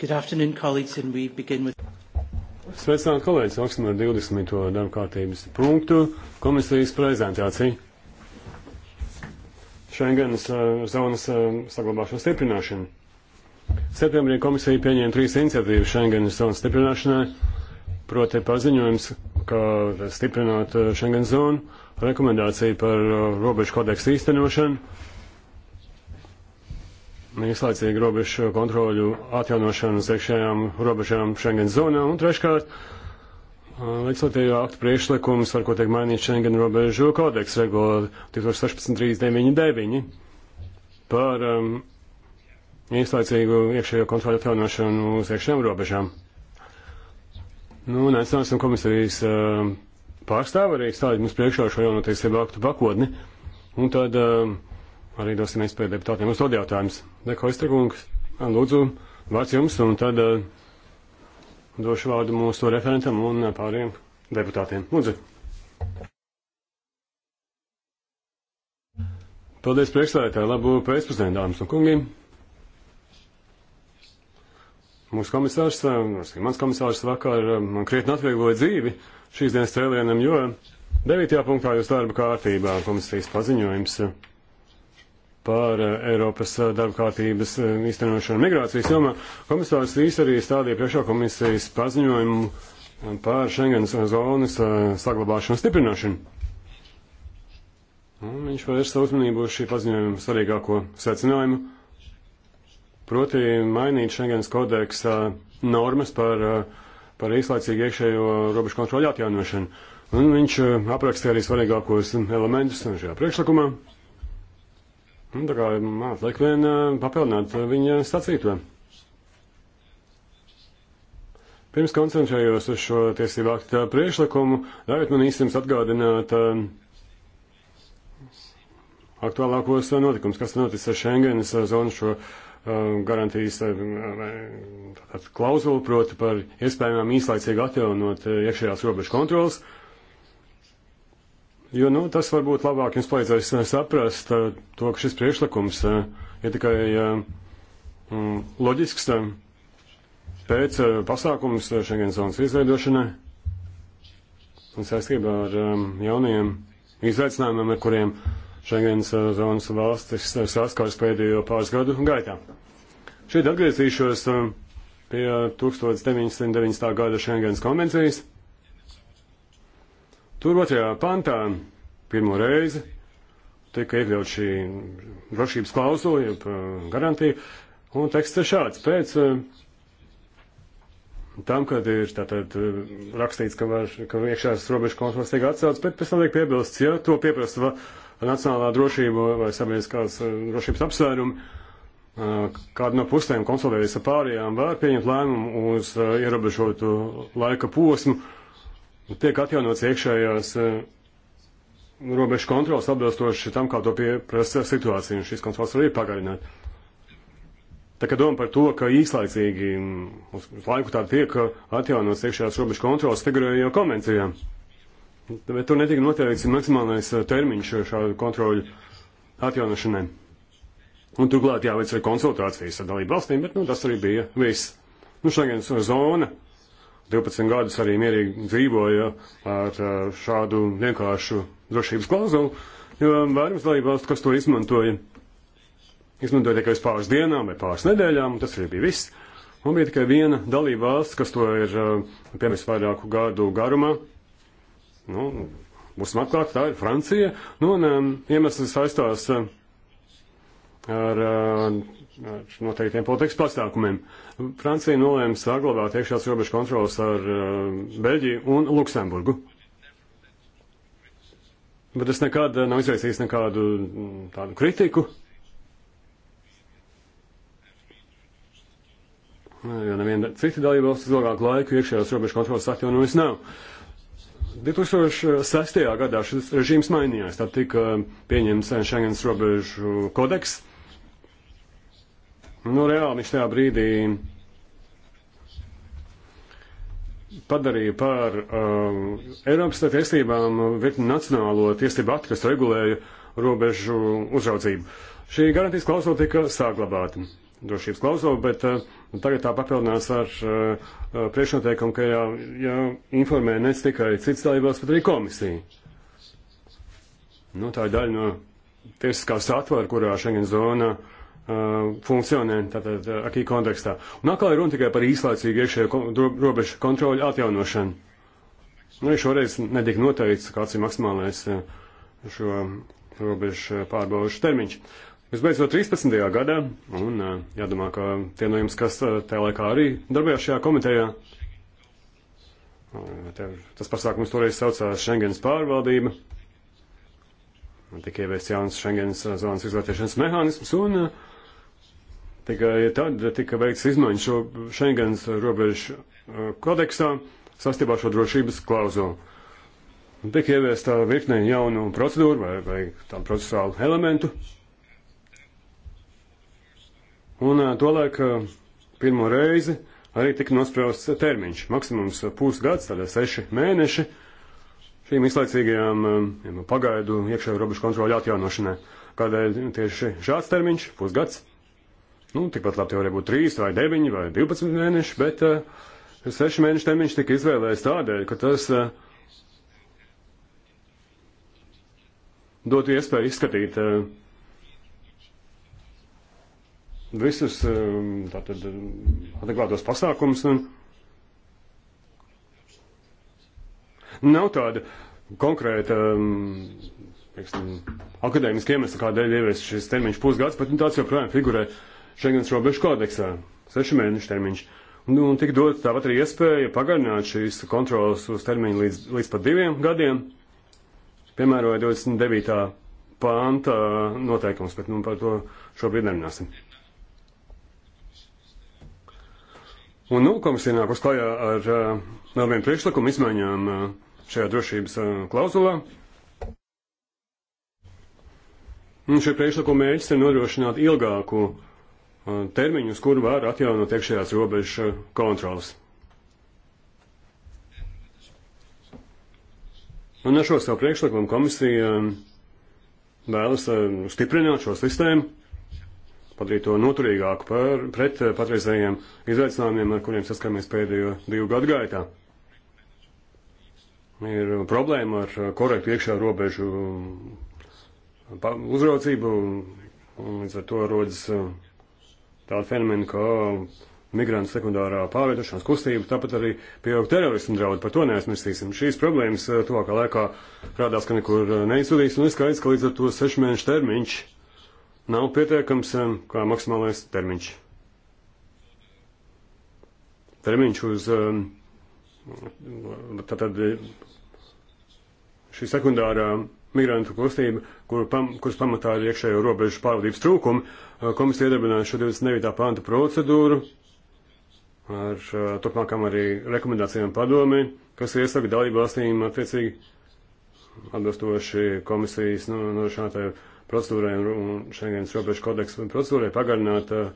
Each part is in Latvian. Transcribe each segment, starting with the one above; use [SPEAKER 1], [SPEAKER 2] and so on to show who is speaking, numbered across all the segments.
[SPEAKER 1] Good afternoon, colleagues, and we begin
[SPEAKER 2] with... Sveicināti, kolēģi! Sāksim ar 20. darba kārtības punktu - komisijas prezentāciju. Šengenas uh, eh, zonas uh, eh, saglabāšanas stiprināšana. Septembrī komisija pieņēma trīs iniciatīvas Šengenas zonas stiprināšanai, proti paziņojums, kā stiprināt Šengenas eh, zonu, rekomendācija par robežu kodeksu īstenošanu, īslaicīgi robežu kontroļu atjaunošanu uz iekšējām robežām Schengen zonā. Un treškārt, legislatīvā aktu priekšlikums, ar ko tiek mainīts Schengen robežu kodeks regula 2016.399 par um, īslaicīgu iekšējo kontroļu atjaunošanu uz iekšējām robežām. Nu, un aicināsim komisijas uh, um, pārstāvi arī stādīt mums priekšā šo jaunotiesību aktu pakotni. Un tad uh, arī dosim iespēju deputātiem uzdot jautājumus. Dekoistrakungs, lūdzu, vārds jums, un tad uh, došu vārdu mūsu referentam un uh, pāriem deputātiem. Lūdzu. Paldies priekšstādātāji, labu pēcpusdienu, dāmas un kungi. Mūsu komisārs, uh, mans komisārs vakar eh, man krietni atviegloja dzīvi šīs dienas cēlienam, jo 9. punktā jūs darba kārtībā komisijas paziņojums. Uh, par eh, Eiropas eh, darba kārtības eh, īstenošanu migrācijas jomā. Komisārs Rīs arī stādīja priekšā komisijas paziņojumu par Schengens zonas saglabāšanu stiprināšanu. Un viņš vērš savu uzmanību uz šī paziņojuma svarīgāko secinājumu, proti mainīt Schengens kodeksa normas par, par īslaicīgu iekšējo robežu kontroļu atjaunošanu. Un viņš aprakstīja arī svarīgākos elementus šajā priekšlikumā. Un nu, tā kā atliek vien papildināt viņa sacīto. Pirms koncentrējos uz šo tiesību aktu priešlikumu, ļaujiet man īstenībā atgādināt aktuālākos notikumus, kas noticis ar Schengenas zonu šo garantijas klauzulu, proti par iespējamām īslaicīgi atjaunot iekšējās robežu kontrolas. Jo nu, tas varbūt labāk jums palīdzēs saprast eh, to, ka šis priekšlikums eh, ir tikai eh, mm, loģisks pēc pasākums Schengen zonas izveidošanai un saistībā ar jaunajiem izaicinājumiem, ar kuriem Schengen zonas valstis saskars pēdējo pāris gadu gaitā. Šeit atgriezīšos pie 1990. gada Schengens konvencijas Tur otrajā pantā pirmo reizi tika iekļaut šī drošības klauzula, jeb garantija, un teksts ir šāds. Pēc tam, kad ir tātad rakstīts, ka, var, ka iekšās robežu kontrols tiek atcelts, bet pēc tam tiek piebilsts, ja to pieprasa nacionālā drošība vai sabiedriskās drošības apsvērumi, kāda no pusēm konsultējas ar pārējām, var pieņemt lēmumu uz ierobežotu laika posmu Nu, tiek atjaunots iekšējās eh, robežu kontrols atbilstoši tam, kā to pieprasa situācija, un šīs kontrols arī pagarināt. Tā kā doma par to, ka īslaicīgi mm, uz laiku tāda tiek atjaunots iekšējās robežu kontrols, figurēja jau konvencijā. Bet tur netika noteikts maksimālais eh, termiņš šādu kontroļu atjaunošanai. Un turklāt jāveic arī konsultācijas ar dalību valstīm, bet nu, tas arī bija viss. Nu, šodien zona 12 gadus arī mierīgi dzīvoja ar šādu vienkāršu drošības klauzulu, jo vairums dalībvalstu, kas to izmantoja, izmantoja tikai uz pāris dienām vai pāris nedēļām, un tas arī bija viss. Un bija tikai viena dalībvalsts, kas to ir piemērs vairāku gadu garumā. Nu, būsim atklāti, tā ir Francija. Nu, un um, iemesls saistās. Uh, ar, uh, ar noteiktiem politikas pasākumiem. Francija nolēma saglabāt iekšās robežu kontrolas ar uh, Beļģiju un Luksemburgu. Bet es nekad uh, nav izraisījis nekādu mm, tādu kritiku. Jo neviena cita dalībvalsts ilgāku laiku iekšējās robežu kontrolas atjaunojas nav. 2006. gadā šis režīms mainījās, tad tika pieņemts Schengens robežu kodeks, Nu, reāli viņš tajā brīdī padarīja par um, Eiropas tiesībām virkni nacionālo tiesību aktu, kas regulēja robežu uzraudzību. Šī garantijas klausula tika saglabāta. Drošības klausula, bet uh, tagad tā papildinās ar uh, priekšnoteikumu, ka jā, jāinformē ne tikai cits dalībās, bet arī komisija. Nu, tā ir daļa no tiesiskā satvara, kurā Schengen zona uh, funkcionē tātad akī kontekstā. Un atkal ir runa tikai par īslaicīgu iekšējo kon robežu kontroļu atjaunošanu. Nu, šoreiz netika noteikts, kāds ir maksimālais šo robežu pārbaužu termiņš. Visbeidzot, 13. gadā, un jādomā, ka tie no jums, kas tajā laikā arī darbējās šajā komitejā, tas pasākums toreiz saucās Schengens pārvaldība, tika ieviests jauns Schengens zonas izvērtēšanas mehānisms, un uh, Tikai tad tika veikts izmaiņas šo Schengens robežu uh, kodeksā sastībā šo drošības klauzulu. Tika ieviesta virkne jaunu procedūru vai, vai tam procesuālu elementu. Un uh, tolēk uh, pirmo reizi arī tika nosprausts termiņš. Maksimums pusgads, tādā seši mēneši šīm izlaicīgajām um, ja nu pagaidu iekšējo robežu kontroļu atjaunošanai. Kādēļ tieši šāds termiņš, pusgads? Nu, tikpat labi jau varēja būt 3 vai 9 vai 12 mēneši, bet uh, eh, 6 mēnešu termiņš tika izvēlēts tādēļ, ka tas uh, eh, dot iespēju izskatīt uh, visus uh, tātad adekvātos pasākumus. Nav tāda konkrēta um, pieksim, akadēmiska iemesla, kādēļ ievies šis termiņš pusgads, bet nu, tāds joprojām figurē uh, Šengens robežu kodeksā. Sešu mēnešu termiņš. Nu, un tik dot tāpat arī iespēja pagarināt šīs kontrolas uz termiņu līdz, līdz pat diviem gadiem, piemēroja 29. pānta noteikums, bet nu, par to šobrīd nerunāsim. Un nu, komisija nāk uz klajā ar uh, vēl vienu priekšlikumu izmaiņām uh, šajā drošības uh, klauzulā. Un šie priekšlikumi mēģis ir nodrošināt ilgāku termiņu, uz kuru var atjaunot iekšējās robežu eh, kontrolas. Un ar šo savu priekšlikumu komisija eh, vēlas eh, stiprināt šo sistēmu, padarīt to noturīgāku par, pret patreizējiem izaicinājumiem, ar kuriem saskaramies pēdējo divu gadu gaitā. Ir problēma ar korektu iekšā robežu uzraucību, un līdz ar to rodas tādu fenomenu, kā migrantu sekundārā pārvietošanās kustība, tāpat arī pieaug terorismu draudu. Par to neaizmirsīsim. Šīs problēmas eh, tuvākā laikā rādās, ka nekur eh, neizsudīs, un ir skaidrs, ka līdz ar to sešu mēnešu termiņš nav pietiekams eh, kā maksimālais termiņš. Termiņš uz tātad šī sekundārā migrantu kustība, kur pam, kuras pamatā ir iekšējo robežu pārvaldības trūkumi. Komisija iedarbināja šo 29. panta procedūru ar turpmākām arī rekomendācijām padomē, kas iesaka dalību valstīm attiecīgi atbilstoši komisijas nu, no, no šādai procedūrai un Schengens robežu kodeksu procedūrai pagarināt uh,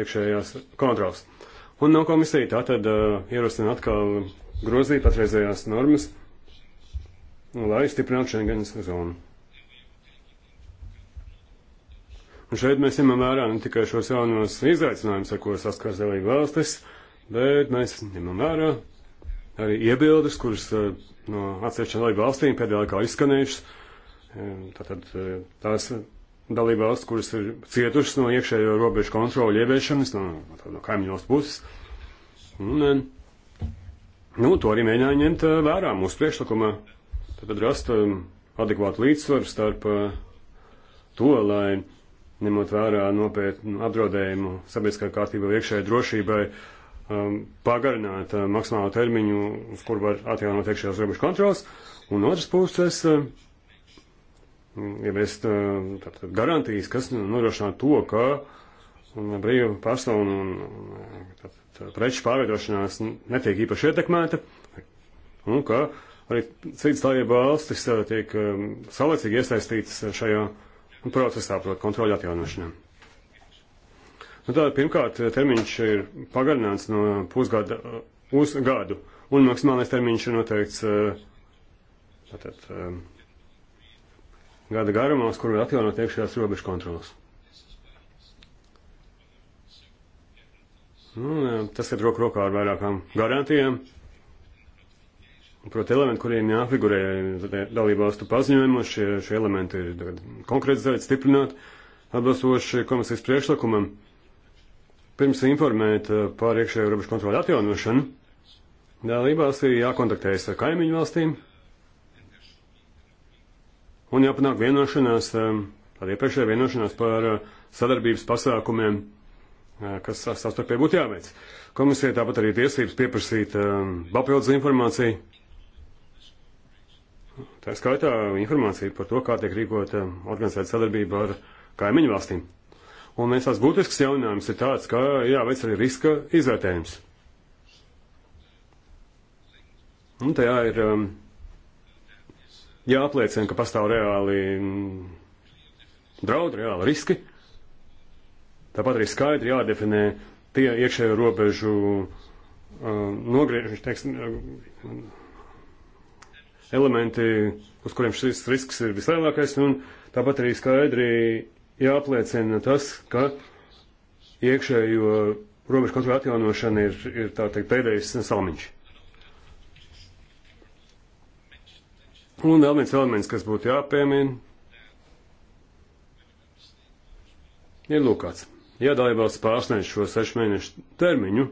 [SPEAKER 2] iekšējās kontrols. Un no komisija tātad uh, ierosina atkal grozīt patreizējās normas lai stiprinātu Schengenas zonu. Un šeit mēs ņemam vērā ne tikai šos jaunos izaicinājumus, ar ko saskars dalību valstis, bet mēs ņemam vērā arī iebildes, kuras eh, no atsevišķām dalību valstīm pēdējā laikā izskanējušas. Eh, tātad eh, tās dalību valsts, kuras ir cietušas no iekšējo robežu kontroļu ieviešanas, no, no kaimiņos puses. Un, nu, to arī mēģināja ņemt vērā mūsu priekšlikumā tad rast adekvātu līdzsvaru starp uh, to, lai ņemot vērā nopietnu apdraudējumu sabiedriskā kārtībā iekšējai drošībai, um, pagarināt uh, maksimālo termiņu, uz kur var atjaunot iekšējās robežu kontrols, un otrs puses uh, ieviest ja uh, garantijas, kas nodrošinā to, ka um, brīvu personu un uh, tātad, uh, preču pārvietošanās netiek īpaši ietekmēta, un ka uh, arī citas dalība valstis uh, tiek um, saulēcīgi iesaistītas šajā procesā, proti, kontroļu atjaunošanā. Nu, tā, pirmkārt, termiņš ir pagarināts no pusgada uh, uz gadu, un maksimālais termiņš ir noteikts uh, tātad, um, gada garumā, uz kuru ir atjaunot iekšējās robežu kontrolas. Nu, tas ir roku rokā ar vairākām garantijām. Proti, elementi, kuriem jāfigurē dalībvalstu paziņojumos, šie, šie elementi ir konkretizēti, stiprināti, atbilstoši komisijas priekšlikumam. Pirms informēt eh, par iekšējo robežu kontroli atjaunošanu, dalībās ir jākontaktējas ar kaimiņu valstīm un jāpanāk vienošanās, eh, tāda iepriekšējā vienošanās par eh, sadarbības pasākumiem, kas savstarpēji būtu jāveic. Komisija tāpat arī tiesības pieprasīt papildus informāciju Tā skaitā informācija par to, kā tiek rīkota organizēta sadarbība ar kaimiņu valstīm. Un viens tās būtisks jauninājums ir tāds, ka jāveic arī riska izvērtējums. Un tajā ir um, jāapliecina, ka pastāv reāli mm, draudi, reāli riski. Tāpat arī skaidri jādefinē tie iekšējo robežu um, nogriežu, teiksim, elementi, uz kuriem šis risks ir vislielākais, un tāpat arī skaidri jāapliecina tas, ka iekšējo robežu kontrolu atjaunošana ir, ir tā teikt, pēdējais salmiņš. Un vēl viens elements, kas būtu jāpiemina, ir lūkāts. Ja dalībvalsts pārsniedz šo sešu mēnešu termiņu,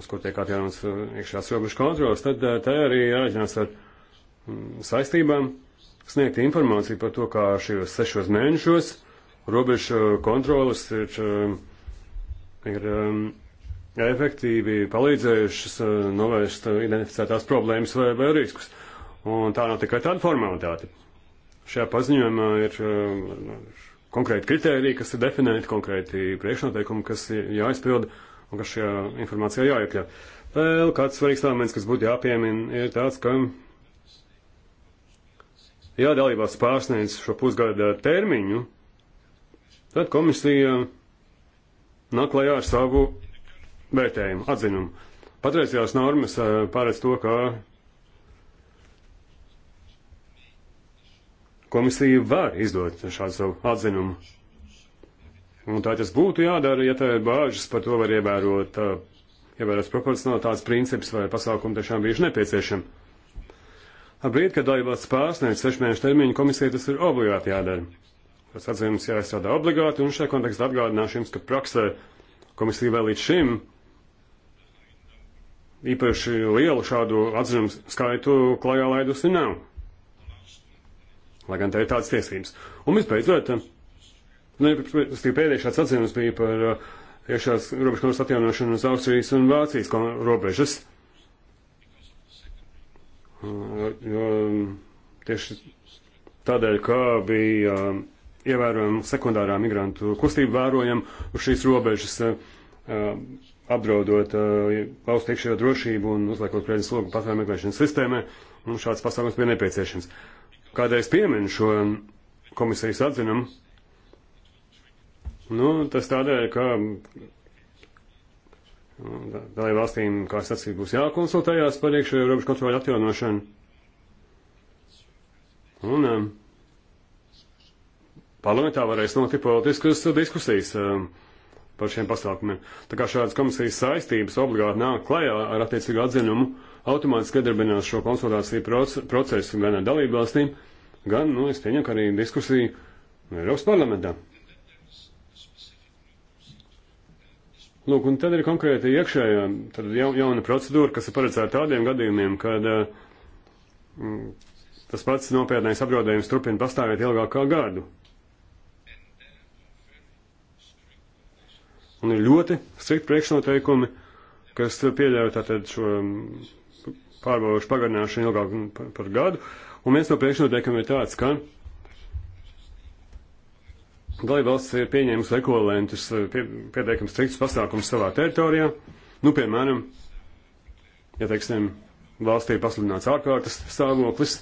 [SPEAKER 2] uz ko tiek atjaunots uh, iekšējās robežu kontrols, tad uh, tā arī jāreģinās ar Mm, saistībām sniegt informāciju par to, kā šajos sešos mēnešos robežu kontrolas ir, mm, ir mm, efektīvi palīdzējušas novērst identificētās problēmas vai, vai riskus. Un tā nav tikai tāda formalitāte. Šajā paziņojumā ir konkrēti kriteriji, kas ir definēti, konkrēti priekšnoteikumi, kas jāizpilda un kas šajā informācijā jāiekļauj. Vēl kāds svarīgs elements, kas būtu jāpiemina, ir tāds, ka Ja dalībās pārsniedz šo pusgada termiņu, tad komisija nāk klajā ar savu vērtējumu, atzinumu. Patreizējās normas eh, paredz to, ka komisija var izdot šādu savu atzinumu. Un tā tas būtu jādara, ja tā ir bāžas par to var ievērot, eh, ievērot proporcionalitātes princips vai pasākumu tiešām bijuši nepieciešami. Ar brīdi, kad dalībvalsts pārsniedz sešu mēnešu termiņu, komisija tas ir obligāti jādara. Tas atzīmes jāizstrādā obligāti, un šajā kontekstā atgādināšu jums, ka praksē komisija vēl līdz šim īpaši lielu šādu atzinumu skaitu klajā laidusi nav. Lai gan te ir tādas tiesības. Un visbeidzot, nu, pēdējais šāds atzinums bija par uh, iešās robežu kontrolas atjaunošanu uz Austrijas un Vācijas robežas jo um, tieši tādēļ, ka bija um, ievērojama sekundārā migrantu kustība vērojama uz šīs robežas, uh, um, apdraudot uh, valsts iekšējo drošību un uzliekot pretī slogu patvērumu meklēšanas sistēmai, un šāds pasākums bija nepieciešams. Kādēļ es pieminu šo komisijas atzinumu? Nu, tas tādēļ, ka Dalību valstīm, kā sacīja, būs jākonsultējās par iekšējo robežu kontroli atjaunošanu. Un um, parlamentā varēs notikt politiskas diskusijas um, par šiem pasākumiem. Tā kā šādas komisijas saistības obligāti nāk klajā ar attiecīgu atzinumu, automātiski iedarbinās šo konsultāciju procesu gan ar dalību valstīm, gan, nu, es pieņemu, ka arī diskusiju Eiropas parlamentā. Lūk, un tad ir konkrēti iekšējā tad jau, jauna procedūra, kas ir paredzēta tādiem gadījumiem, kad mm, tas pats nopietnais apdraudējums turpina pastāvēt ilgāk kā gadu. Un ir ļoti strikti priekšnoteikumi, kas pieļauj tātad šo pārbaudušu pagarināšanu ilgāk par, par gadu. Un viens no priekšnoteikumiem ir tāds, ka Dalībvalsts ir pieņēmusi ekvivalentus, eh, pie, pietiekami striktus pasākumus savā teritorijā. Nu, piemēram, ja, teiksim, valstī ir pasludināts ārkārtas stāvoklis,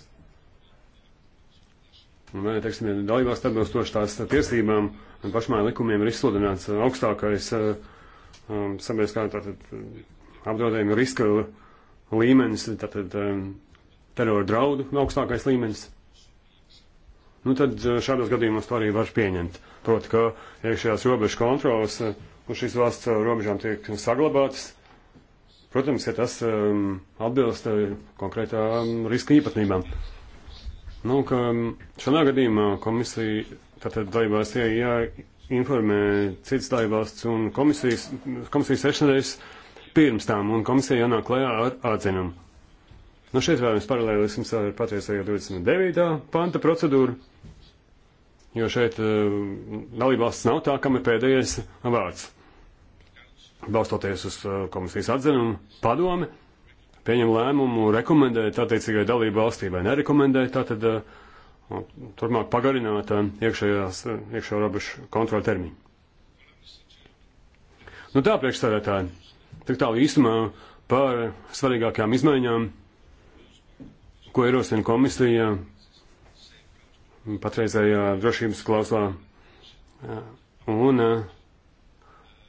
[SPEAKER 2] vai, teiksim, ja dalībvalsts atbilstoši tās tiesībām un pašmāja likumiem ir izsludināts eh, augstākais eh, um, sabiedriskā tātad apdraudējuma riska līmenis, tātad um, terora draudu augstākais līmenis nu tad eh, šādos gadījumos to arī var pieņemt. Proti, ka iekšējās robežu kontrolas eh, uz šīs valsts robežām tiek saglabātas. Protams, ja tas um, atbilst eh, konkrētām riska īpatnībām. Nu, ka ehm, šādā gadījumā komisija, tātad daļvalsts jāinformē citas daļvalsts un komisijas, komisijas sešnareizes pirms tām, un komisija jānāk klajā ar atzinumu. Nu, šeit vēlams paralēlisms ar patreizējo 29. panta procedūru, jo šeit uh, eh, dalībvalsts nav tā, kam ir pēdējais vārds. Balstoties uz uh, komisijas atzinumu, padomi pieņem lēmumu rekomendēt attiecīgai dalību valstī vai nerekomendēt, tātad uh, turpmāk pagarināt uh, iekšējās, uh, iekšējo robežu kontroli termiņu. Nu tā, priekšstādētāji, tik tālu īsumā par svarīgākajām izmaiņām ko ierosina komisija patreizējā drošības klauslā. Un eh,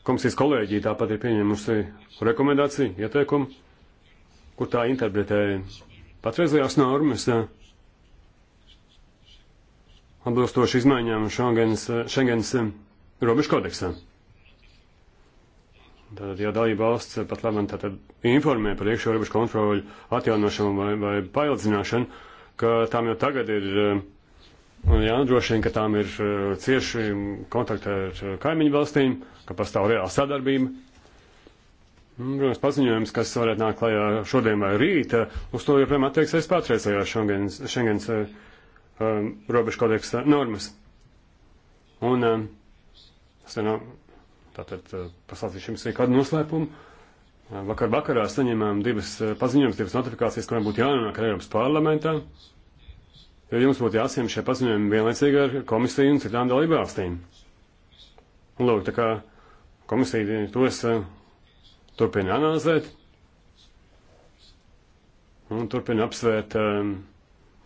[SPEAKER 2] komisijas kolēģija tāpat ir pieņemusi rekomendāciju, ieteikumu, kur tā interpretē patreizējās normas eh, atbilstoši izmaiņām Schengens, eh, Schengens robežu kodeksā. Tātad, ja dalība valsts pat labam tātad informē par iekšējo robežu kontroļu atjaunošanu vai, vai paildzināšanu, ka tām jau tagad ir eh, jānodrošina, ka tām ir eh, cieši kontakti ar eh, kaimiņu valstīm, ka pastāv reāla sadarbība. Nu, protams, paziņojums, kas varētu nākt klajā šodien vai rīt, uz to joprojām attieksies patreizējās Schengens, Schengens um, robežu kodeksa normas. Un um, tas nav Tātad eh, pastāstīšu jums kādu noslēpumu. Eh, vakar vakarā saņēmām divas eh, paziņojumus, divas notifikācijas, kurām būtu jānonāk Eiropas parlamentā, jo jums būtu jāsiem šie paziņojumi vienlaicīgi ar komisiju un citām dalībvalstīm. Lūk, tā kā komisija tos turpina analizēt un turpina apsvērt um,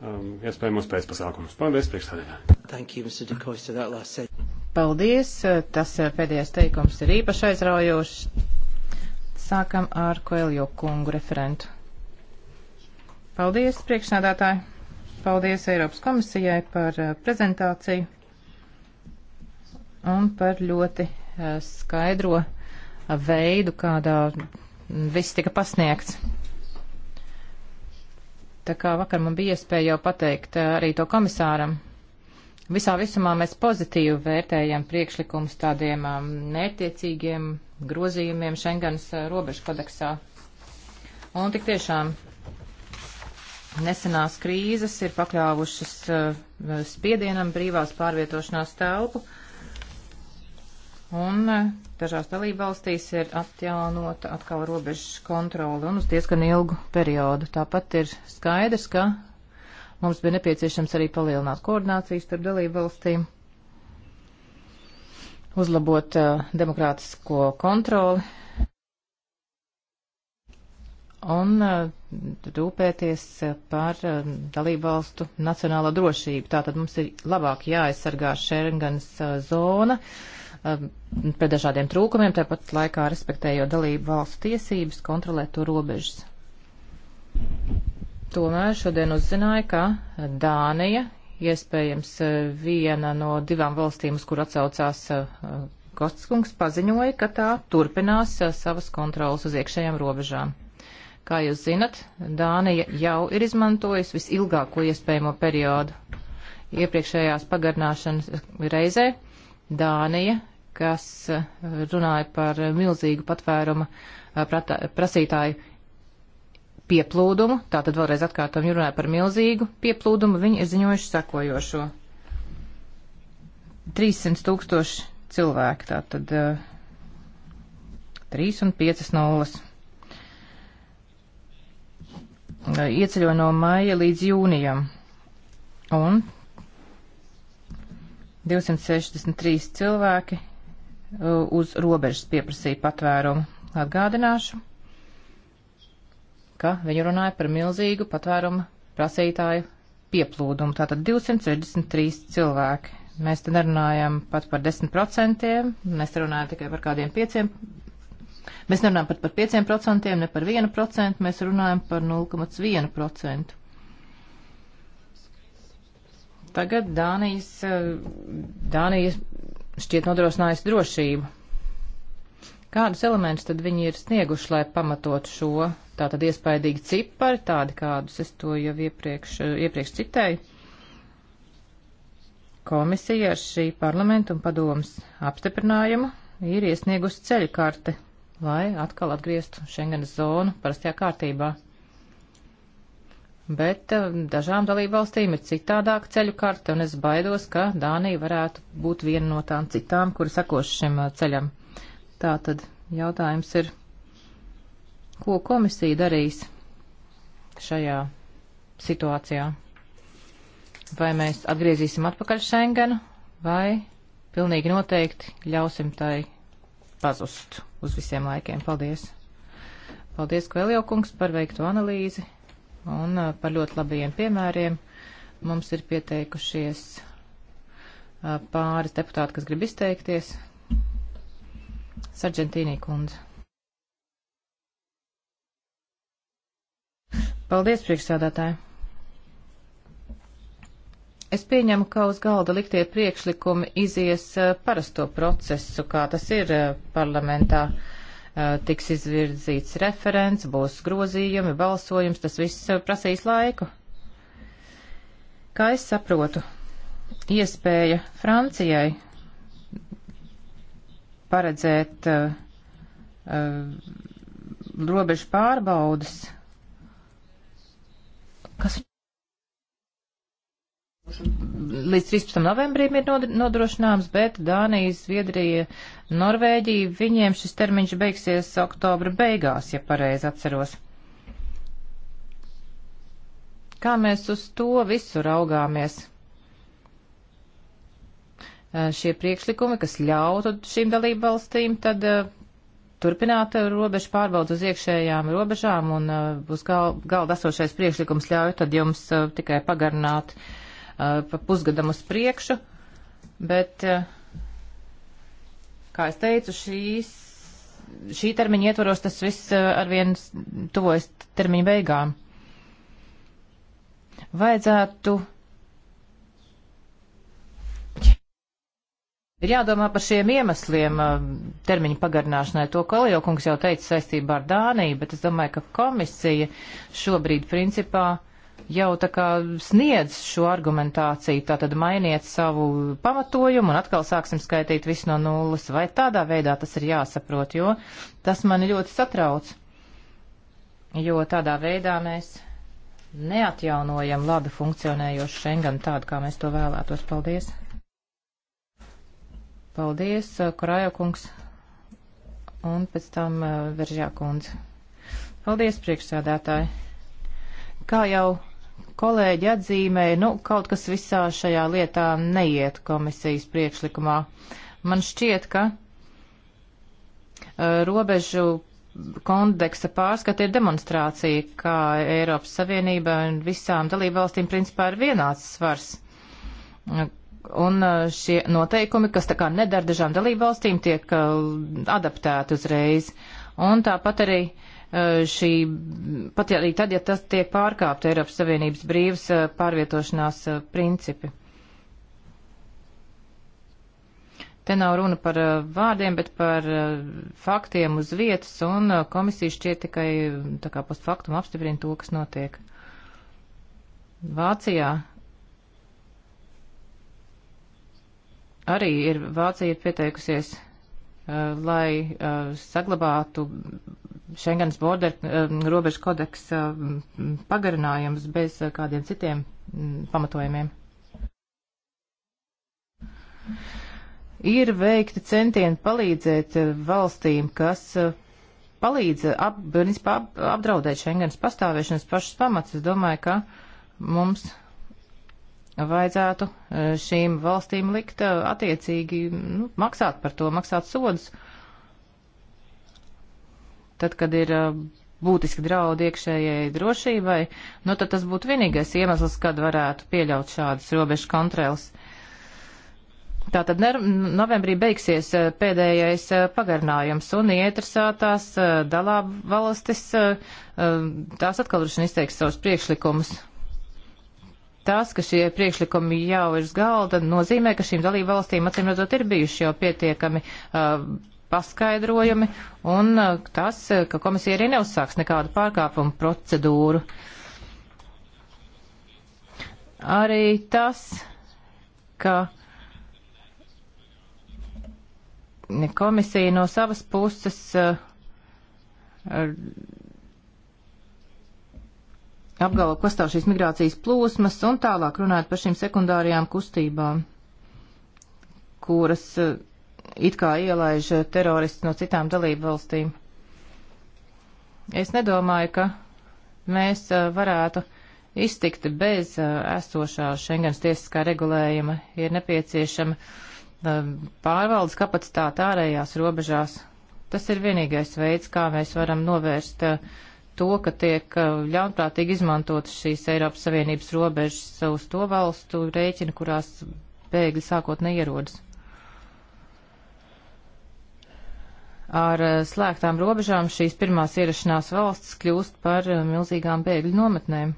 [SPEAKER 2] um, iespējamos pēcpasākumus. Paldies, priekšstādētāji!
[SPEAKER 1] Paldies. Tas eh, pēdējais teikums ir īpaši aizraujošs. Sākam ar Koeljo kungu referentu. Paldies, priekšnādātāji. Paldies Eiropas komisijai par eh, prezentāciju un par ļoti eh, skaidro veidu, kādā viss tika pasniegts. Tā kā vakar man bija iespēja jau pateikt arī to komisāram, Visā visumā mēs pozitīvi vērtējam priekšlikumus tādiem um, mērķiecīgiem grozījumiem Schengens uh, robežu kodeksā. Un tik tiešām nesenās krīzes ir pakļāvušas uh, spiedienam brīvās pārvietošanās telpu. Un uh, dažās dalībvalstīs ir atjaunota atkal robežas kontrole un uz diezgan ilgu periodu. Tāpat ir skaidrs, ka Mums bija nepieciešams arī palielināt koordinācijas starp dalību valstīm, uzlabot uh, demokrātisko kontroli un uh, rūpēties uh, par uh, dalību valstu nacionālo drošību. Tātad mums ir labāk jāaizsargā Šengenas uh, zona um, pret dažādiem trūkumiem, tāpat laikā respektējot dalību valstu tiesības, kontrolēt to robežas tomēr šodien uzzināja, ka Dānija iespējams viena no divām valstīm, uz kur atsaucās uh, Kostskungs, paziņoja, ka tā turpinās uh, savas kontrolas uz iekšējām robežām. Kā jūs zinat, Dānija jau ir izmantojusi visilgāko iespējamo periodu. Iepriekšējās pagarināšanas reizē Dānija, kas uh, runāja par milzīgu patvēruma prasītāju pieplūdumu, tātad vēlreiz atkārtam runāja par milzīgu pieplūdumu, viņi ir ziņojuši sekojošo. 300 tūkstoši cilvēki, tātad 3 eh, un 5 nulles. Eh, ieceļo no maija līdz jūnijam. Un 263 cilvēki eh, uz robežas pieprasīja patvērumu. Atgādināšu, ka viņi runāja par milzīgu patvērumu prasītāju pieplūdumu. Tātad 263 cilvēki. Mēs te nerunājam pat par 10%, mēs te runājam tikai par kādiem 5%. Mēs nerunājam pat par 5%, ne par 1%, mēs runājam par 0,1%. Tagad Dānijas, eh, Dānijas šķiet nodrošinājusi drošību. Kādus elementus tad viņi ir snieguši, lai pamatotu šo tātad iespaidīgi cipari, tādi kādus es to jau iepriekš, iepriekš citēju. Komisija ar šī parlamentu un padomas apstiprinājumu ir iesniegusi ceļu karti, lai atkal atgrieztu Schengenas zonu parastajā kārtībā. Bet eh, dažām dalībvalstīm ir citādāka ceļu karta, un es baidos, ka Dānija varētu būt viena no tām citām, kuri sekos šim eh, ceļam. Tātad jautājums ir Ko komisija darīs šajā situācijā? Vai mēs atgriezīsim atpakaļ Schengenu, vai pilnīgi noteikti ļausim tai pazust uz visiem laikiem? Paldies! Paldies, Kvēlio kungs, par veikto analīzi un uh, par ļoti labajiem piemēriem. Mums ir pieteikušies uh, pāris deputāti, kas grib izteikties. Sargentīnī kundze. Paldies, priekšsādātāji! Es pieņemu, ka uz galda liktie priekšlikumi izies eh, parasto procesu, kā tas ir eh, parlamentā. Eh, tiks izvirzīts referents, būs grozījumi, balsojums, tas viss prasīs laiku. Kā es saprotu, iespēja Francijai paredzēt robežu pārbaudas kas līdz 13. novembrim ir nodrošināms, bet Dānija, Zviedrija, Norvēģija, viņiem šis termiņš beigsies oktobra beigās, ja pareizi atceros. Kā mēs uz to visu raugāmies? Šie priekšlikumi, kas ļautu šīm dalību valstīm, tad uh, turpināt eh, robežu pārbaudu uz iekšējām robežām, un eh, uz gal, galda esošais priekšlikums ļauj tad jums eh, tikai pagarināt pa pusgadam uz priekšu, bet, kā es teicu, šīs, šī termiņa ietvaros tas viss arvien tuvojas termiņa beigām. Vajadzētu Ir jādomā par šiem iemesliem uh, termiņu pagarināšanai. To Kalio kungs jau teica saistībā ar Dāniju, bet es domāju, ka komisija šobrīd principā jau tā kā sniedz šo argumentāciju, tā tad mainiet savu pamatojumu un atkal sāksim skaitīt visu no nulles, vai tādā veidā tas ir jāsaprot, jo tas mani ļoti satrauc, jo tādā veidā mēs neatjaunojam labi funkcionējošu Schengen tādu, kā mēs to vēlētos. Paldies! Paldies, uh, Korājo kungs, un pēc tam uh, Veržjā kundze. Paldies, priekšsēdētāji. Kā jau kolēģi atzīmēja, nu, kaut kas visā šajā lietā neiet komisijas priekšlikumā. Man šķiet, ka uh, robežu kondeksa pārskata ir demonstrācija, kā Eiropas Savienība un visām dalībvalstīm principā ir vienāds svars. Uh, Un uh, šie noteikumi, kas tā kā nedara dažām dalībvalstīm, tiek uh, adaptēti uzreiz. Un tāpat arī uh, šī, pat arī tad, ja tas tiek pārkāpta Eiropas Savienības brīvas pārvietošanās principi. Te nav runa par vārdiem, bet par faktiem uz vietas, un komisija šķiet tikai tā kā post faktum apstiprina to, kas notiek. Vācijā arī ir Vācija ir pieteikusies, uh, lai uh, saglabātu Schengens border uh, robežu kodeks uh, pagarinājumus bez uh, kādiem citiem um, pamatojumiem. Ir veikti centieni palīdzēt uh, valstīm, kas uh, palīdz ap, ap, apdraudēt Schengens pastāvēšanas pašas pamats. Es domāju, ka mums vajadzētu e, šīm valstīm likt e, attiecīgi nu, maksāt par to, maksāt sodus. Tad, kad ir e, būtiski draudi iekšējai drošībai, nu tad tas būtu vienīgais iemesls, kad varētu pieļaut šādas robežu kontrolas. Tātad novembrī beigsies pēdējais pagarinājums un ietrasātās dalāba valstis, tās atkal droši vien izteiks savus priekšlikumus tas, ka šie priekšlikumi jau ir uz galda, nozīmē, ka šīm dalību valstīm acīm redzot ir bijuši jau pietiekami uh, paskaidrojumi un uh, tas, ka komisija arī neuzsāks nekādu pārkāpumu procedūru. Arī tas, ka komisija no savas puses uh, apgalvo, ka pastāv šīs migrācijas plūsmas un tālāk runāt par šīm sekundārajām kustībām, kuras eh, it kā ielaiž eh, terorists no citām dalību valstīm. Es nedomāju, ka mēs eh, varētu iztikt bez esošā Schengens tiesiskā regulējuma. Ir nepieciešama pārvaldes kapacitāte ārējās robežās. Tas ir vienīgais veids, kā mēs varam novērst uh, to, ka tiek uh, ļaunprātīgi izmantotas šīs Eiropas Savienības robežas uz to valstu rēķinu, kurās bēgļi sākot neierodas. Ar uh, slēgtām robežām šīs pirmās ierašanās valsts kļūst par uh, milzīgām bēgļu nometnēm.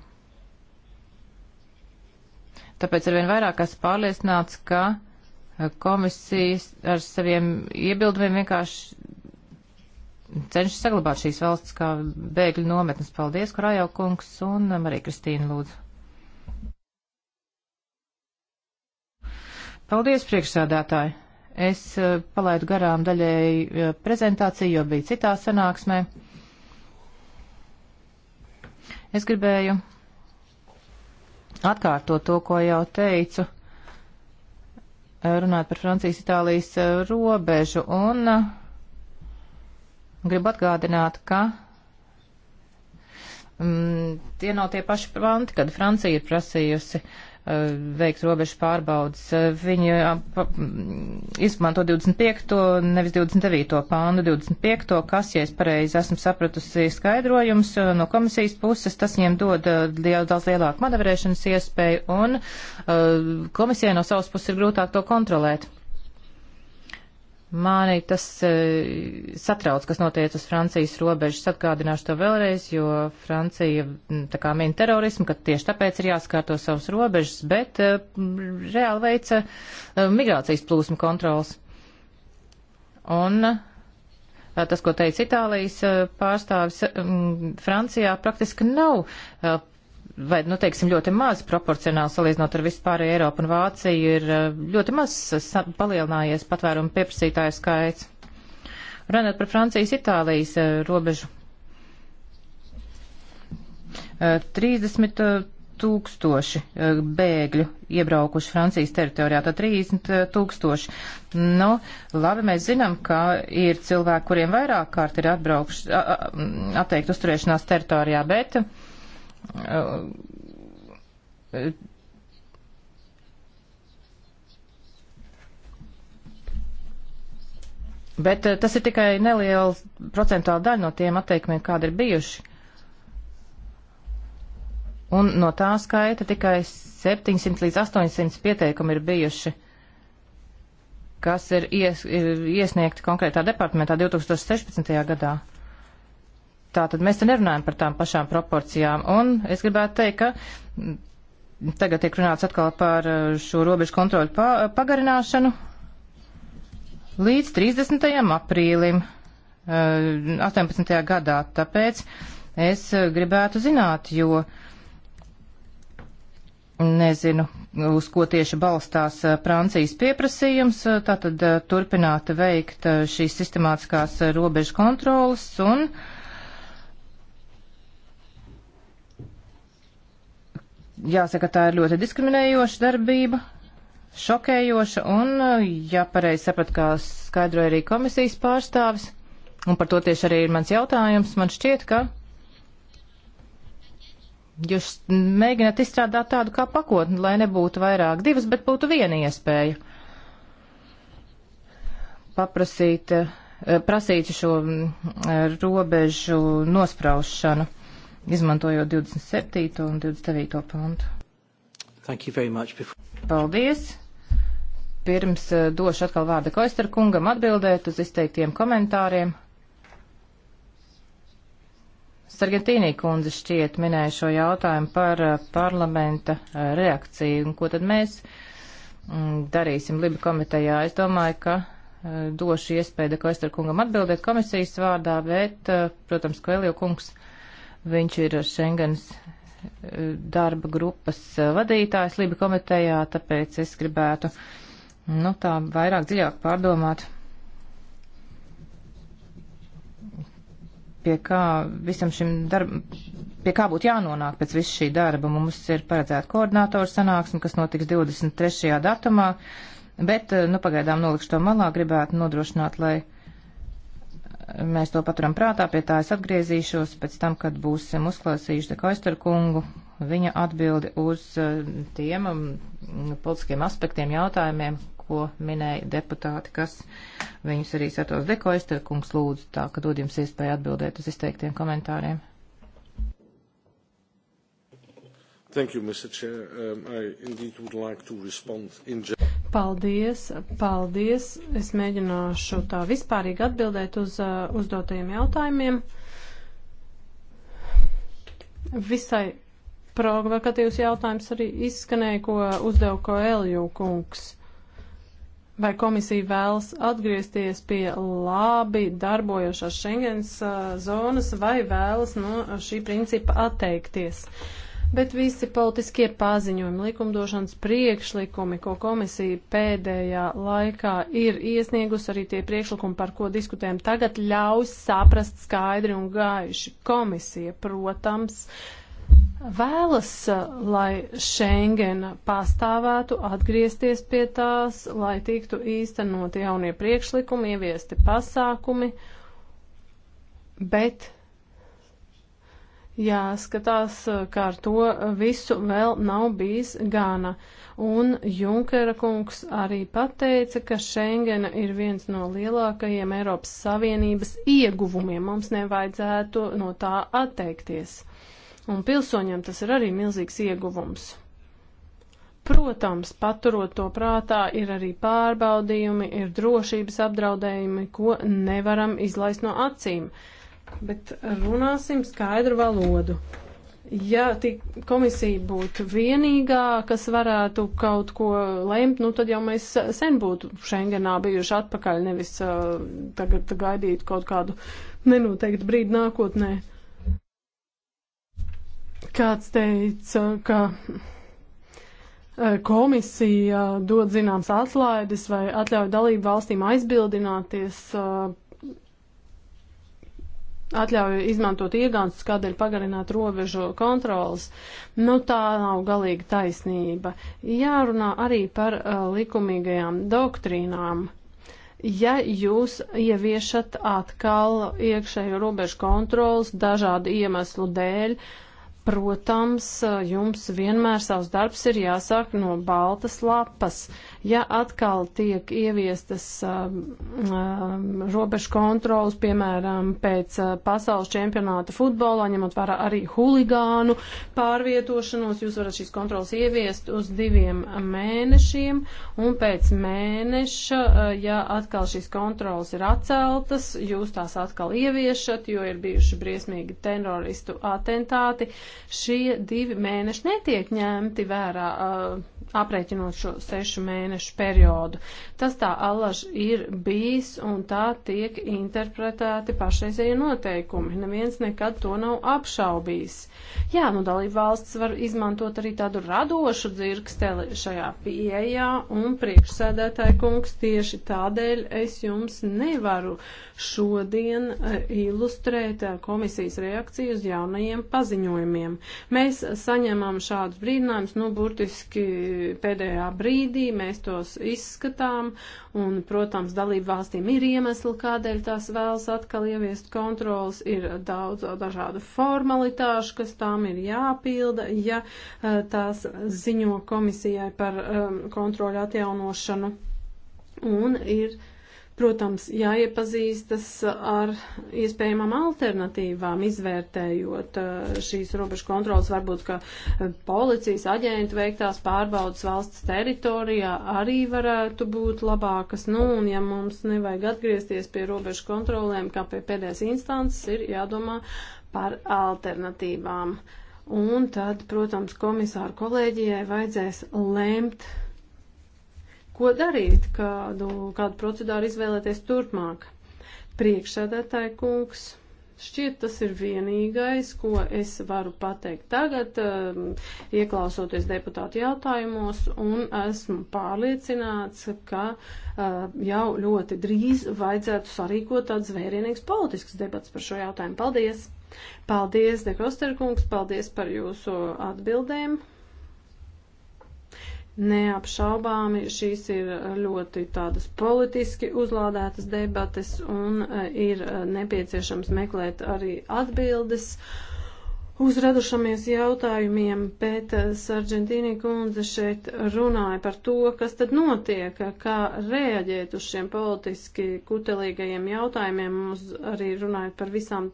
[SPEAKER 1] Tāpēc arvien vairāk esmu pārliecināts, ka komisijas ar saviem iebildumiem vienkārši cenšas saglabāt šīs valsts kā bēgļu nometnes. Paldies, Krājau kungs un Marija um, Kristīna lūdzu. Paldies, priekšsādātāji. Es uh, palaidu garām daļēji uh, prezentāciju, jo biju citā sanāksmē. Es gribēju atkārtot to, ko jau teicu uh, runāt par Francijas-Itālijas robežu. Un Gribu atgādināt, ka mm, tie nav tie paši panti, kad Francija ir prasījusi uh, veikt robežu pārbaudas. Uh, viņi uh, izmanto 25. nevis 29. pānu, 25. kas, ja es pareizi esmu sapratusi skaidrojums eh, no komisijas puses, tas viņiem dod liel, daudz lielāku manevrēšanas iespēju un komisijai no savas puses ir grūtāk to kontrolēt. Mani tas e, satrauc, kas notiek uz Francijas robežas. Atgādināšu to vēlreiz, jo Francija tā kā min terorismu, ka tieši tāpēc ir jāskārto savas robežas, bet e, reāli veica e, migrācijas plūsmu kontrols. Un e, tas, ko teica Itālijas e, pārstāvis, Francijā praktiski nav e, vai, nu, teiksim, ļoti maz proporcionāli salīdzinot ar vispārēju Eiropu un Vāciju, ir eh, ļoti maz eh, palielinājies patvērumu pieprasītāju skaits. Runājot par Francijas-Itālijas eh, robežu, 30 tūkstoši bēgļu iebraukuši Francijas teritorijā, tad 30 tūkstoši. Nu, labi, mēs zinām, ka ir cilvēki, kuriem vairāk kārt ir atbraukuši, atteikt uzturēšanās teritorijā, bet uh, Uh, bet uh, tas ir tikai neliela procentuāla daļa no tiem atteikumiem, kāda ir bijuši. Un no tā skaita tikai 700 līdz 800 pieteikumi ir bijuši, kas ir, ies, ir iesniegti konkrētā departamentā 2016. gadā. Tātad mēs te nerunājam par tām pašām proporcijām. Un es gribētu teikt, ka tagad tiek runāts atkal par uh, šo robežu kontroļu pa uh, pagarināšanu līdz 30. aprīlim 18. Uh, gadā. Tāpēc es gribētu zināt, jo nezinu, uz ko tieši balstās Francijas pieprasījums, tātad turpināt veikt šīs sistemātiskās robežu kontrolas un uh, jāsaka, tā ir ļoti diskriminējoša darbība, šokējoša, un, ja pareizi saprat, kā skaidroja arī komisijas pārstāvis, un par to tieši arī ir mans jautājums, man šķiet, ka jūs mēģināt izstrādāt tādu kā pakotni, lai nebūtu vairāk divas, bet būtu viena iespēja paprasīt, eh, prasīt šo mm, eh, robežu nospraušanu izmantojot 27. un 29. pantu. Paldies! Pirms eh, došu atkal vārdu Koister kungam atbildēt uz izteiktiem komentāriem. Sargentīnī kundze šķiet minēja šo jautājumu par eh, parlamenta eh, reakciju un ko tad mēs mm, darīsim Liba komitejā. Es domāju, ka došu iespēju Dekoistra kungam atbildēt komisijas vārdā, bet, protams, Koelio kungs Viņš ir Schengens eh, darba grupas eh, vadītājs Liba komitejā, tāpēc es gribētu nu, tā vairāk dziļāk pārdomāt, pie kā visam šim darbam, pie kā būtu jānonāk pēc visu šī darba. Mums ir paredzēta koordinātoru sanāksme, kas notiks 23. datumā, bet, eh, nu, pagaidām nolikšu to malā, gribētu nodrošināt, lai Mēs to paturam prātā, pie tā es atgriezīšos pēc tam, kad būsim uzklausījuši Dekoister kungu, viņa atbildi uz eh, tiem mm, nu, politiskiem aspektiem, jautājumiem, ko minēja deputāti, kas viņus arī satos Dekoister kungs lūdzu, tā ka dod jums iespēju atbildēt uz izteiktiem komentāriem.
[SPEAKER 3] Thank you, Mr. Chair. Um, I indeed would like to respond in general. Paldies, paldies. Es mēģināšu tā vispārīgi atbildēt uz uh, uzdotajiem jautājumiem. Visai provokatīvs jautājums arī izskanēja, ko uzdeva Koelju kungs. Vai komisija vēlas atgriezties pie labi darbojošās Schengens uh, zonas vai vēlas no šī principa atteikties? Uh, bet visi politiskie paziņojumi, likumdošanas priekšlikumi, ko komisija pēdējā laikā ir iesniegusi, arī tie priekšlikumi, par ko diskutējam tagad, ļauj saprast skaidri un gaiši. Komisija, protams, vēlas, lai Schengena pastāvētu, atgriezties pie tās, lai tiktu īstenot jaunie priekšlikumi, ieviesti pasākumi, bet jāskatās, eh, ka ar to visu vēl nav bijis gana. Un Junkera kungs arī pateica, ka Schengena ir viens no lielākajiem Eiropas Savienības ieguvumiem. Mums nevajadzētu no tā atteikties. Un pilsoņiem tas ir arī milzīgs ieguvums. Protams, paturot to prātā, ir arī pārbaudījumi, ir drošības apdraudējumi, ko nevaram izlaist no acīm. Uh, bet runāsim skaidru valodu. Ja komisija būtu vienīgā, kas varētu kaut ko lemt, nu tad jau mēs sen būtu Schengenā bijuši atpakaļ, nevis uh, tagad gaidīt kaut kādu nenoteiktu brīdi nākotnē. Kāds teica, ka komisija dod zināms atlaides vai atļauj dalību valstīm aizbildināties uh, atļauju izmantot iegānstus, kādēļ pagarināt robežu kontrolas. Nu, tā nav galīga taisnība. Jārunā arī par uh, likumīgajām doktrīnām. Ja jūs ieviešat atkal iekšējo robežu kontrolas dažādu iemeslu dēļ, protams, uh, jums vienmēr savs darbs ir jāsāk no baltas lapas. Uh, Ja atkal tiek ieviestas um, um, robežu kontrolas, piemēram, pēc uh, pasaules čempionāta futbolā, ņemot vērā arī huligānu pārvietošanos, jūs varat šīs kontrolas ieviest uz diviem mēnešiem, un pēc mēneša, uh, ja atkal šīs kontrolas ir atceltas, jūs tās atkal ieviešat, jo ir bijuši briesmīgi teroristu atentāti. Šie divi mēneši netiek ņemti vērā. Uh, aprēķinot šo sešu mēnešu periodu. Tas tā allaž ir bijis un tā tiek interpretēti pašreizēji noteikumi. Neviens nekad to nav apšaubījis. Jā, nu dalība valsts var izmantot arī tādu radošu dzirksteli šajā pieejā un priekšsēdētāja kungs tieši tādēļ es jums nevaru uh, šodien eh, ilustrēt eh, komisijas reakciju uz jaunajiem paziņojumiem. Mēs saņemam šādus brīdinājumus, nu, burtiski pēdējā brīdī mēs tos izskatām, un, protams, dalību valstīm ir iemesli, kādēļ tās vēlas atkal ieviest kontrols, ir daudz dažādu formalitāšu, kas tām ir jāpilda, ja eh, tās ziņo komisijai par um, kontroļu atjaunošanu. Un ir uh, Protams, jāiepazīstas uh, ar iespējamām alternatīvām, izvērtējot uh, šīs robežu kontrolas, varbūt, ka uh, policijas aģenti veiktās pārbaudas valsts teritorijā arī varētu būt labākas. Nu, un ja mums nevajag atgriezties pie robežu kontrolēm, kā pie pēdējās instances, ir jādomā par alternatīvām. Un tad, protams, komisāru kolēģijai vajadzēs lemt ko darīt, kādu, kādu procedūru izvēlēties turpmāk. Priekšsēdētāji kungs, šķiet tas ir vienīgais, ko es varu pateikt tagad, um, ieklausoties deputātu jautājumos, un esmu pārliecināts, ka uh, jau ļoti drīz vajadzētu sarīkot tāds vērienīgs politisks debats par šo jautājumu. Paldies! Paldies, Dekosterkungs, paldies par jūsu atbildēm. Neapšaubāmi šīs ir ļoti tādas politiski uzlādētas debates un e, ir e, nepieciešams meklēt arī atbildes uz radušamies jautājumiem, bet e, Sargentīnī kundze šeit runāja par to, kas tad notiek, kā reaģēt uz šiem politiski kutelīgajiem jautājumiem, uz arī runājot par visām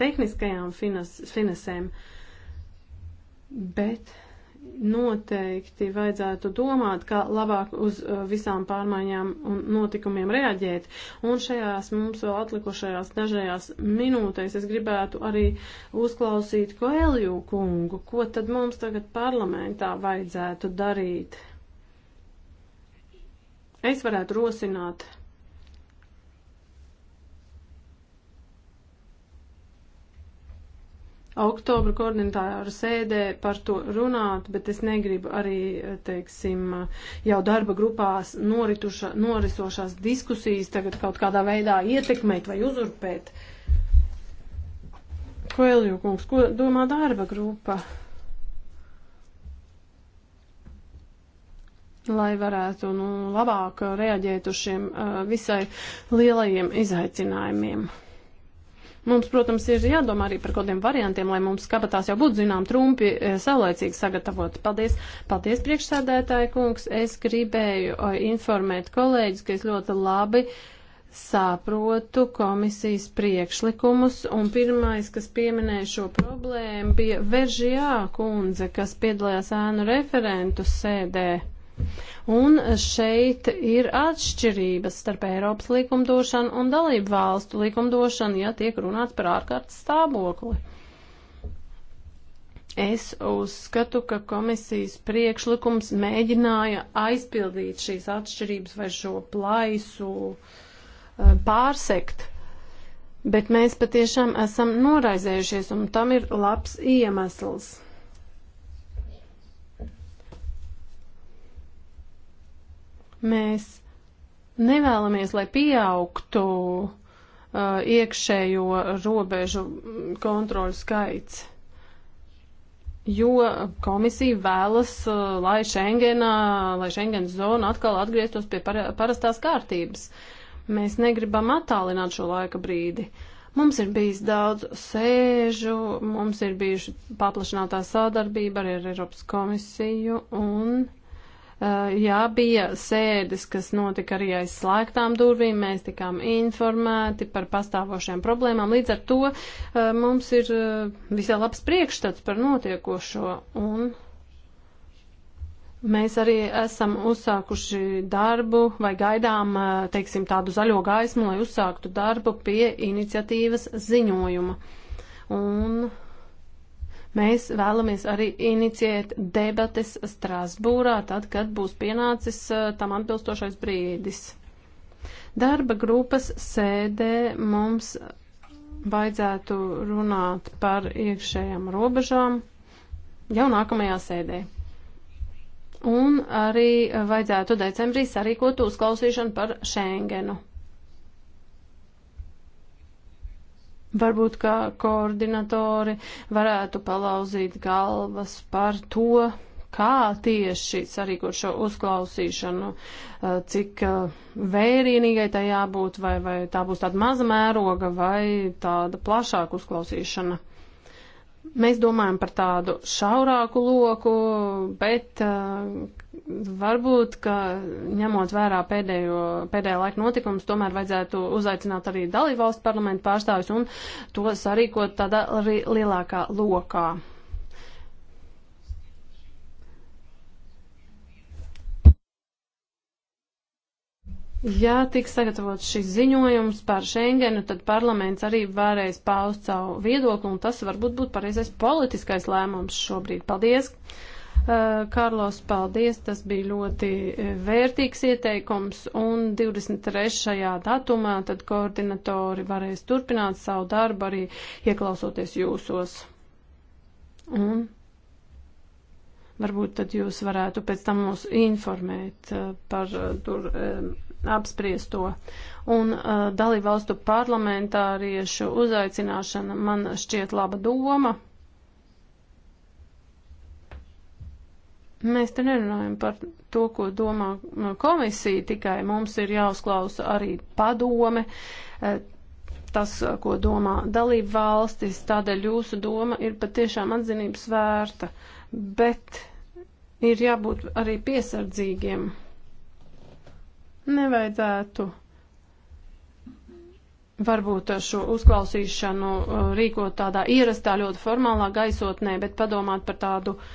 [SPEAKER 3] tehniskajām finas, finesēm. Bet noteikti vajadzētu domāt, kā labāk uz uh, visām pārmaiņām un notikumiem reaģēt. Un šajās mums vēl atlikušajās dažajās minūtēs es gribētu arī uzklausīt Koelju kungu, ko tad mums tagad parlamentā vajadzētu darīt. Es varētu rosināt oktobra koordinatāra sēdē par to runāt, bet es negribu arī, teiksim, jau darba grupās norituša, norisošās diskusijas tagad kaut kādā veidā ietekmēt vai uzurpēt. Ko Elju kungs, ko domā darba grupa? Lai varētu nu, labāk reaģēt uz šiem uh, visai lielajiem izaicinājumiem. Mums, protams, ir jādomā arī par kaut kādiem variantiem, lai mums kabatās jau būtu zinām trumpi e, saulēcīgi sagatavot. Paldies, paldies priekšsēdētāji kungs. Es gribēju e, informēt kolēģis, ka es ļoti labi saprotu komisijas priekšlikumus, un pirmais, kas pieminēja šo problēmu, bija Veržijā kundze, kas piedalījās ēnu referentu sēdē. Un šeit ir atšķirības starp Eiropas likumdošanu un dalību valstu likumdošanu, ja tiek runāts par ārkārtas stāvokli. Es uzskatu, ka komisijas priekšlikums mēģināja aizpildīt šīs atšķirības vai šo plaisu eh, pārsekt. Bet mēs patiešām esam noraizējušies, un tam ir labs iemesls. Mēs nevēlamies, lai pieaugtu uh, iekšējo robežu kontroļu skaits, jo komisija vēlas, uh, lai Schengenā, lai Schengens zona atkal atgrieztos pie par, parastās kārtības. Mēs negribam attālināt šo laika brīdi. Mums ir bijis daudz sēžu, mums ir bijuši paplašinātā sadarbība arī ar Eiropas komisiju un Eh, jā, bija sēdes, kas notika arī aiz slēgtām durvīm, mēs tikām informēti par pastāvošajām problēmām. Līdz ar to eh, mums ir eh, visai labs priekšstats par notiekošo un Mēs arī esam uzsākuši darbu vai gaidām, teiksim, tādu zaļo gaismu, lai uzsāktu darbu pie iniciatīvas ziņojuma. Un Mēs vēlamies arī inicijēt debates Strasbūrā, tad, kad būs pienācis uh, tam atbilstošais brīdis. Darba grupas sēdē mums vajadzētu runāt par iekšējām robežām jau nākamajā sēdē. Un arī vajadzētu decembrī sarīkot uzklausīšanu par Schengenu. Varbūt kā koordinatori varētu palauzīt galvas par to, kā tieši sarīkot šo uzklausīšanu, eh, cik eh, vērienīgai tā jābūt, vai, vai tā būs tāda maza mēroga, vai tāda plašāka uzklausīšana. Mēs domājam par tādu šaurāku loku, bet eh, Varbūt, ka ņemot vērā pēdējo, pēdējo laiku notikumus, tomēr vajadzētu uzaicināt arī dalībvalstu parlamentu pārstāvis un to sarīkot tādā arī lielākā lokā. Ja tiks sagatavots šis ziņojums par Schengenu, tad parlaments arī varēs paust savu viedokli, un tas varbūt būtu pareizais politiskais lēmums šobrīd. Paldies! Eh, Kārlos, paldies, tas bija ļoti eh, vērtīgs ieteikums, un 23. datumā tad koordinatori varēs turpināt savu darbu arī ieklausoties jūsos. Un varbūt tad jūs varētu pēc tam mūs informēt eh, par tur apspriesto. Un dalībvalstu parlamentāriešu uzaicināšana man šķiet laba doma. Mēs te nerunājam par to, ko domā komisija, tikai mums ir jāuzklausa arī padome, e, tas, ko domā dalību valstis, tādēļ jūsu doma ir patiešām atzinības vērta, bet ir jābūt arī piesardzīgiem. Nevajadzētu varbūt šo uzklausīšanu e, rīkot tādā ierastā, ļoti formālā gaisotnē, bet padomāt par tādu uh,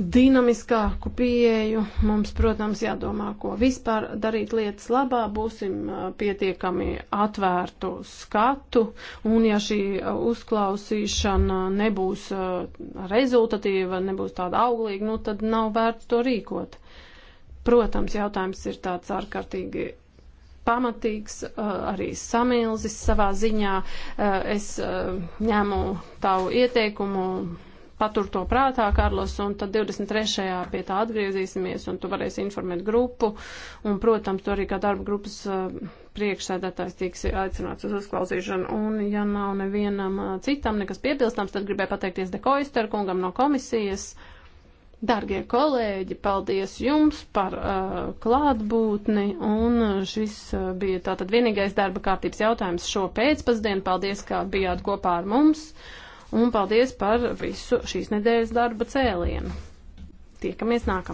[SPEAKER 3] dinamiskāku pieeju. Mums, protams, jādomā, ko vispār darīt lietas labā, būsim pietiekami atvērtu skatu, un ja šī uzklausīšana nebūs rezultatīva, nebūs tāda auglīga, nu tad nav vērts to rīkot. Protams, jautājums ir tāds ārkārtīgi pamatīgs, arī samilzis savā ziņā. Es ņēmu tavu ieteikumu Patur to prātā, Karlos, un tad 23. pie tā atgriezīsimies, un tu varēsi informēt grupu, un, protams, tu arī kā darba grupas eh, priekšsēdētājs tiks aicināts uz uzklausīšanu, un, ja nav nevienam eh, citam nekas piebilstams, tad gribēju pateikties Dekoister kungam no komisijas. Dargie kolēģi, paldies jums par uh, klātbūtni, un šis uh, bija tātad vienīgais darba kārtības jautājums šo pēcpusdienu. Paldies, ka bijāt kopā ar mums. Uh, un paldies par visu šīs nedēļas darba cēlienu. Tiekamies nākamā.